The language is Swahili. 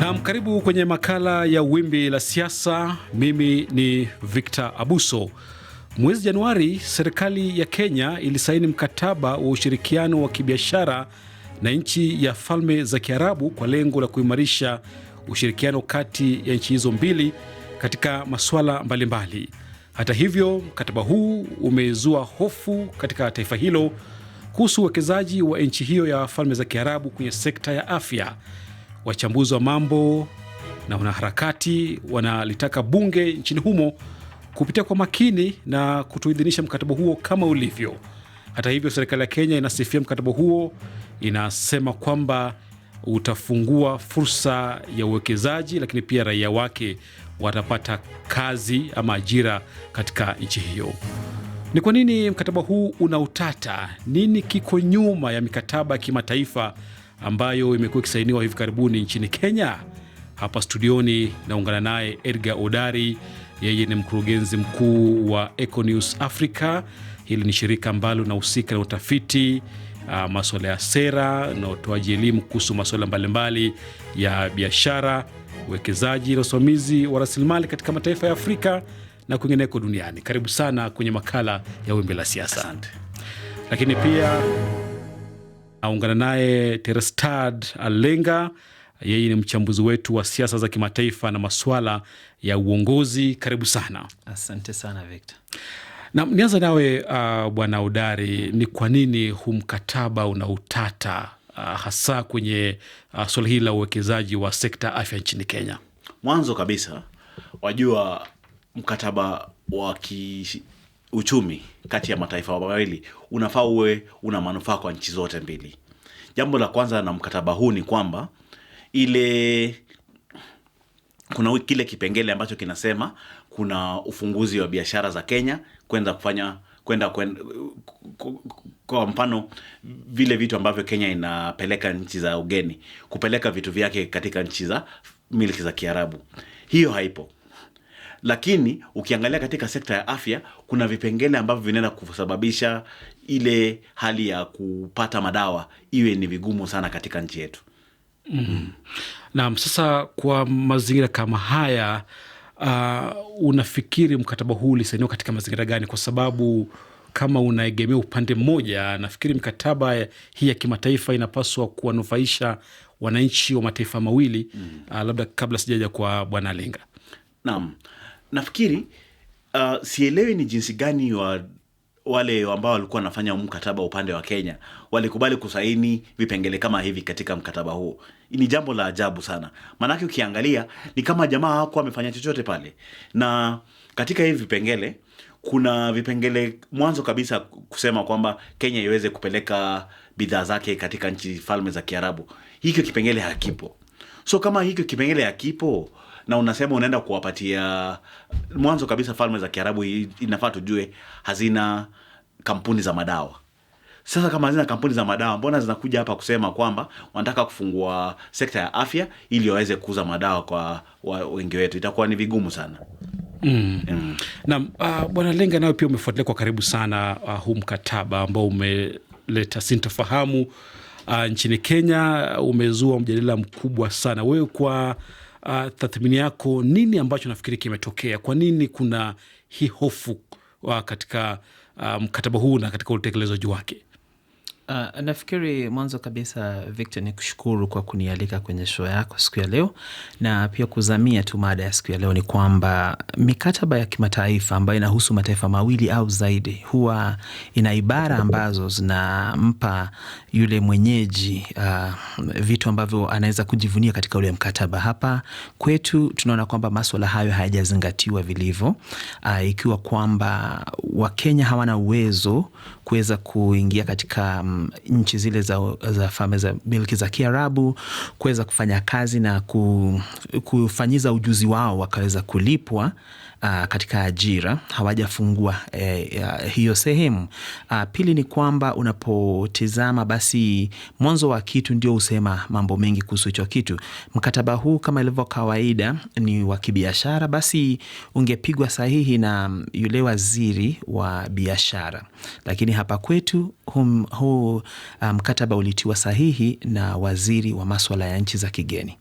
Nam, karibu kwenye makala ya Wimbi la Siasa. Mimi ni Victor Abuso. Mwezi Januari, serikali ya Kenya ilisaini mkataba wa ushirikiano wa kibiashara na nchi ya Falme za Kiarabu kwa lengo la kuimarisha ushirikiano kati ya nchi hizo mbili katika masuala mbalimbali. Hata hivyo, mkataba huu umezua hofu katika taifa hilo kuhusu uwekezaji wa nchi hiyo ya Falme za Kiarabu kwenye sekta ya afya wachambuzi wa mambo na wanaharakati wanalitaka bunge nchini humo kupitia kwa makini na kutuidhinisha mkataba huo kama ulivyo. Hata hivyo, serikali ya Kenya inasifia mkataba huo, inasema kwamba utafungua fursa ya uwekezaji, lakini pia raia wake watapata kazi ama ajira katika nchi hiyo. Ni kwa nini mkataba huu una utata? Nini kiko nyuma ya mikataba ya kimataifa ambayo imekuwa ikisainiwa hivi karibuni nchini Kenya. Hapa studioni naungana naye Edgar Odari, yeye ni mkurugenzi mkuu wa Econews Africa. Hili ni shirika ambalo linahusika na utafiti uh, maswala ya sera na utoaji elimu kuhusu maswala mbalimbali ya biashara, uwekezaji na usimamizi wa rasilimali katika mataifa ya Afrika na kwingineko duniani. Karibu sana kwenye makala ya Wimbi la Siasa. Lakini pia aungana naye Terestad Alenga, yeye ni mchambuzi wetu wa siasa za kimataifa na masuala ya uongozi. Karibu sana. Asante sana Victor. Na nianza nawe uh, bwana Udari, ni kwa nini huu mkataba una utata uh, hasa kwenye uh, suala hili la uwekezaji wa sekta afya nchini Kenya? Mwanzo kabisa wajua mkataba wa uchumi kati ya mataifa mawili unafaa uwe una manufaa kwa nchi zote mbili. Jambo la kwanza na mkataba huu ni kwamba ile kuna kile kipengele ambacho kinasema kuna ufunguzi wa biashara za Kenya kwenda kufanya kwenda kwa mfano vile vitu ambavyo Kenya inapeleka nchi za ugeni kupeleka vitu vyake katika nchi za milki za Kiarabu. Hiyo haipo lakini ukiangalia katika sekta ya afya kuna vipengele ambavyo vinaenda kusababisha ile hali ya kupata madawa iwe ni vigumu sana katika nchi yetu. Mm. Mm. sasa kwa mazingira kama haya uh, unafikiri mkataba huu ulisainiwa katika mazingira gani? Kwa sababu kama unaegemea upande mmoja, nafikiri mkataba hii ya kimataifa inapaswa kuwanufaisha wananchi wa mataifa mawili. Mm. Uh, labda kabla sijaja kwa Bwana Lenga. Naam nafikiri uh, sielewi ni jinsi gani wa wale ambao walikuwa wanafanya mkataba upande wa Kenya walikubali kusaini vipengele kama hivi katika mkataba huo. Ni jambo la ajabu sana, maanake ukiangalia ni kama jamaa hawakuwa amefanya chochote pale. Na katika hivi vipengele kuna vipengele mwanzo kabisa kusema kwamba Kenya iweze kupeleka bidhaa zake katika nchi Falme za Kiarabu. Hiki kipengele hakipo. So kama hiki kipengele hakipo na unasema unaenda kuwapatia. Mwanzo kabisa, falme za Kiarabu inafaa tujue hazina kampuni za madawa. Sasa kama hazina kampuni za madawa, mbona zinakuja hapa kusema kwamba wanataka kufungua sekta ya afya ili waweze kuuza madawa kwa wengi wetu? Itakuwa ni vigumu sana. Mm. Mm. Na uh, ah, Bwana Lenga, nayo pia umefuatilia kwa karibu sana uh, huu mkataba ambao umeleta sintofahamu uh, nchini Kenya. Umezua mjadala mkubwa sana. Wewe kwa uh, tathmini yako, nini ambacho nafikiri kimetokea? Kwa nini kuna hii hofu uh, katika uh, mkataba um, huu na katika utekelezaji wake? Uh, nafikiri mwanzo kabisa Victor, ni kushukuru kwa kunialika kwenye show yako siku ya leo, na pia kuzamia tu mada ya siku ya leo ni kwamba mikataba ya kimataifa ambayo inahusu mataifa mawili au zaidi huwa ina ibara ambazo zinampa yule mwenyeji uh, vitu ambavyo anaweza kujivunia katika ule mkataba. Hapa kwetu tunaona kwamba maswala hayo hayajazingatiwa vilivyo, uh, ikiwa kwamba Wakenya hawana uwezo kuweza kuingia katika mm, nchi zile za, za falme za milki za Kiarabu kuweza kufanya kazi na kufanyiza ujuzi wao wakaweza kulipwa uh, katika ajira hawajafungua eh, uh, hiyo sehemu. Uh, pili ni kwamba unapotizama basi mwanzo wa kitu ndio husema mambo mengi kuhusu hicho kitu. Mkataba huu kama ilivyo kawaida ni wa kibiashara, basi ungepigwa sahihi na um, yule waziri wa biashara, lakini hapa kwetu huu uh, mkataba ulitiwa sahihi na waziri wa maswala ya nchi za kigeni.